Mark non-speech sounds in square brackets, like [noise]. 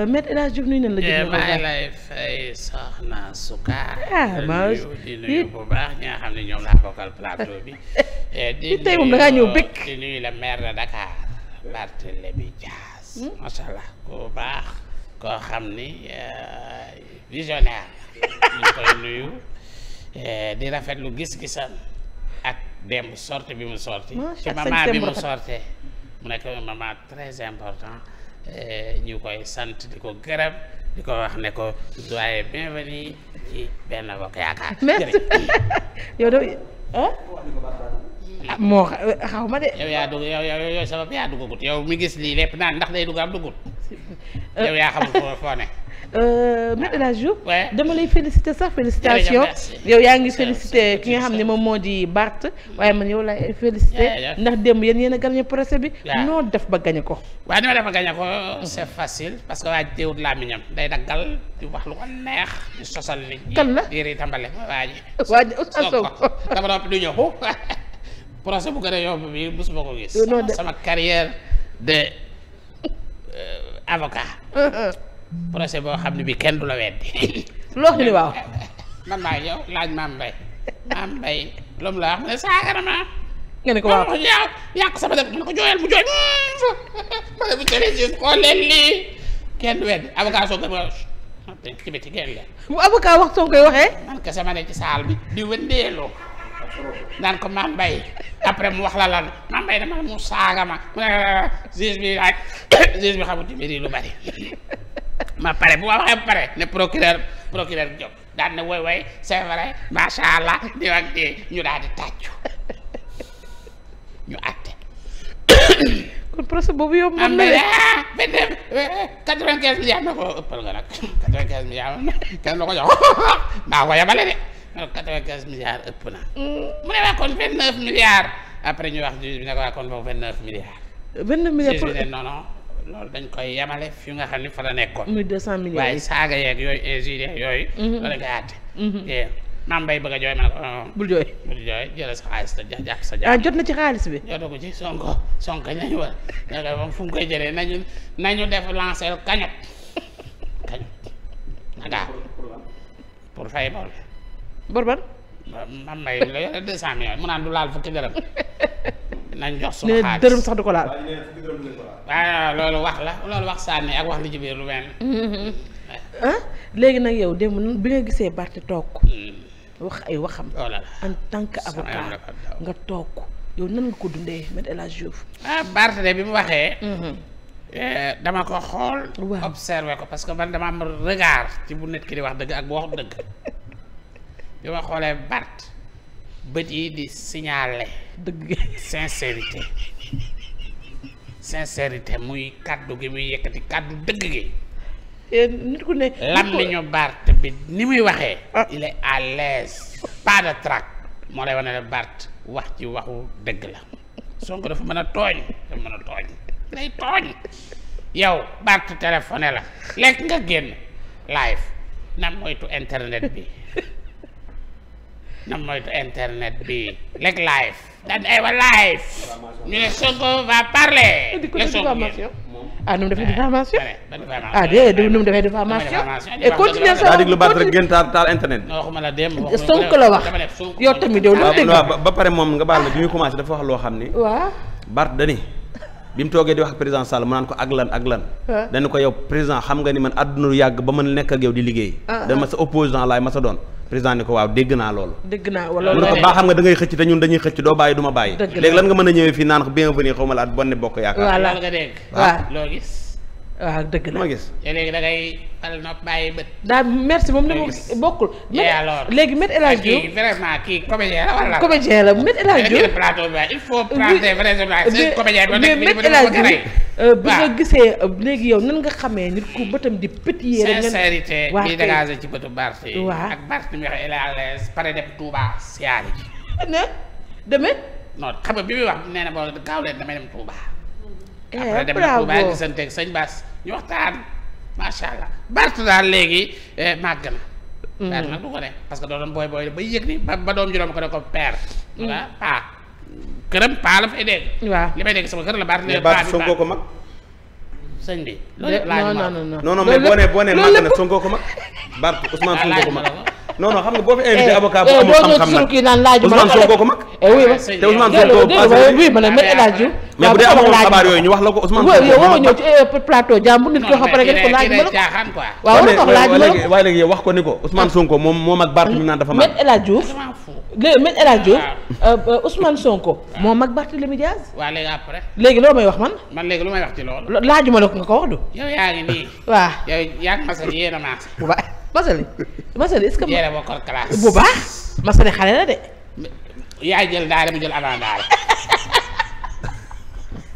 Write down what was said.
Euh, Maître El Hadj Diouf nuyu nañ la. jërëjëf eh, maa ngi lay fay soxna Souka. ah maa di nuyu bu baax ñi nga xam ne ñoom laa bokkal plateau bi. [laughs] Eh, di tey moom da ngaa ñëw bëgg. di nuyu le maire de Dakar Barthélémy Dias. Hmm? macha allah ku baax koo xam ni euh, visionnaire ñu koy nuyu eh, di rafetlu gis-gisam ak démb sorti bi mu sorti ci maman bi mu sortee mu nekk maman très important. Eh, ñu koy sant di ko gërëm di ko wax ne ko doyen bienvenue ci Benno Bokk Yaakaar. merci yow de ah. ah moo euh, xaw ma de. yow yaa dugg yow yow yow sabab yaa duggagut yow mi gis lii lépp naan ndax day dugg duggut yow yaa xamul foo foo ne. Euh, Maître El Hadj Diouf dama lay féliciter sax félicitation yow yaa ngi féliciter ki nga xam ni moom moo di Bart waaye man yow laay féliciter ndax démb yéen yéen a gagné procès bi noo def ba gagné ko waaw ni ma parce que day daggal di wax lu ko kan la di rii tàmbale [laughs] [laughs] [laughs] procès boo xam ne bi kenn du la weddi. [laughs] loo xam waaw. man maa yow laaj maam Mbaye maam Mbaye lu mu saaga na ma. nga ko waaw yaa yàq mu ma ne bu télévision xool leen lii kenn du weddi avocat ah, ci biti génn wax soo koy waxee. man kese ma ne ci saal bi di wëndeeloo. naan ko maam après mu wax la lan maam Mbaye dama mu saaga ma mu ne ah, juge bi laaj [coughs] juge bi xamul ci mbir yi lu bari. ma pare bu ma waxee ba pare ne procureur procureur Diop daal woy woy c'est allah di wax di ñu daal di tàccu ñu àtte. kon procès boobu yomb na. na ah, benn vingt eh, quinze quatre-vingt-quinze milliards kenn la ko ëpp na. Mm. mu ne waa kon vingt-neuf milliards après ñu wax juge ne ko waa kon boobu vingt-neuf milliards. vingt-neuf milliards juge loolu dañ koy yemale fi nga xam ni fa la nekkoon. muy deux cent millions waaye saaga yeeg yooyu injure yooyu. Mhm. loolu dañ koy àtte. Mhm. maam bay bëgg a jooy ma ne ko. Oh. bul jooy bul jooy jëlee sa xaalis te ah, jot na ci xaalis bi. jot na ko ci sonko sonko nañu war a moom fu mu koy jëlee nañu nañu def lancé kañot kañot na pour fay bor. bor ban. maam bay la yore deux cent millions mu naan du laal fukki dërëm. [laughs] nañ jox dërëm sax du ko laal. waaw ah, loolu wax la loolu wax sànni ak wax li ci biir lu mel. [laughs] ah léegi nag yow démb bi nga gisee Barth toog hmm. wax ay waxam. en tant que avocat nga toog yow nan ko dundee Me El Hadji Diouf. ah de bi mu waxee. Mm-hmm. Eh, dama ko xool. waaw observé ko parce que man dama am regard ci bu nit ki di wax dëgg ak bu wax dëgg. [laughs] bi ma xoolee Barth bët yi di signalé. dëgg sincérité sincérité muy kàddu gi muy yëkkati kàddu dëgg gi. Eh, nit ku ne. làmmiñu Bart bi ni muy waxee. Ah. il est pas de trac moo lay wane ne Bart wax ci waxu dëgg la Sonko dafa mën a tooñ dafa mën a tooñ day tooñ yow Bart téléphoné la lekk nga génn live na moytu internet bi. [laughs] na moytu internet bi lekk live ay wa live ñu ne Sonko va parler le eh, Sonko ah nu nu mu defee eh, diffamation et continuer lu baax rek gën taal taal internet bi Sonko la wax yow tamit yow loolu dégg ba pare moom nga baal na bi muy commencé dafa wax loo xam ni waaw Bart dani bi mu toogee di wax ak président Sall mu naan ko ak lan ak lan dañu ko yow président xam nga ni man àdduna yàgg ba mën nekk ak yow di liggéey ah, dama ah. sa opposant laay ma sa doon président ni ko waaw dégg naa loolu dégg naa wala mu ne ko baa xam nga da xëcc te ñun dañuy xëcc doo bàyyi du bàyyi léegi lan nga mën a ñëwee fii naan bienvenue xaw ma la at bokk yaakaar waaw loolu nga dégg waaw waa ah, dëgg la ma gis. léegi da ngay nopp bàyyi bët. daal merci moom li ma bokkul. léegi Me El Hadj kii vraiment kii comédien la wala. comédien la Me El Hadj Diouf plateau bi il euh, nga gisee euh, léegi yow nan nga xamee nit ku bëtam di pétillé. rek sincérité bi dégagé ci bëtu Barth yi. waaw ak Barth mi wax il est à l'aise pare dem Touba siyaare ji. na demee. non xam nga bi muy wax nee na boo gaaw leen damay dem Touba. Eh, après dem Touba ñu waxtaan macha allah Bart daal léegi eh, màgg na. Bart mm-hmm. nag du ko def parce que doo doon booy booy ba yëg ni ba doom juróom ko ne ko père. Mm-hmm. voilà la fay dégg. waaw li may dégg sama kër la Bart. nee Bart ko mag. sëñ bi loolu yëpp laaj ma non non non mais boo nee boo nee màgg na Sonko ko mag Bart Ousmane ah, Sonko ko mag. non non xam nga boo fi invité eh, avocat bu amul xam mais bu dee amoon xabaar ñu wax la ko Ousmane yow waroo ñëw ci eh, ko ne ko laaj ma Sonko moom moom ak Barthélémy naan dafa ma Me El Hadj Diouf léegi Me El Hadj Diouf ah. euh, euh, Ousmane Sonko ah. moom ak Barthélémy Diaz léegi loo may wax man man léegi lu may wax ci loolu laaju ma la ko nga ko wax du yow yaa ngi nii waaw yow a maas bu baax masali masali est-ce ma bu baax masali xale la de yaa jël [laughs]